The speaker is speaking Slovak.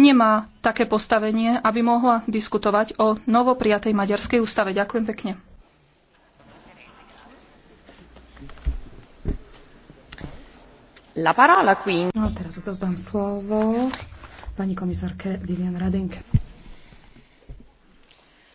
nemá také postavenie, aby mohla diskutovať o novoprijatej maďarskej ústave. Ďakujem pekne. La parola No, teraz odovzdám slovo pani komisárke Vivian Radenke.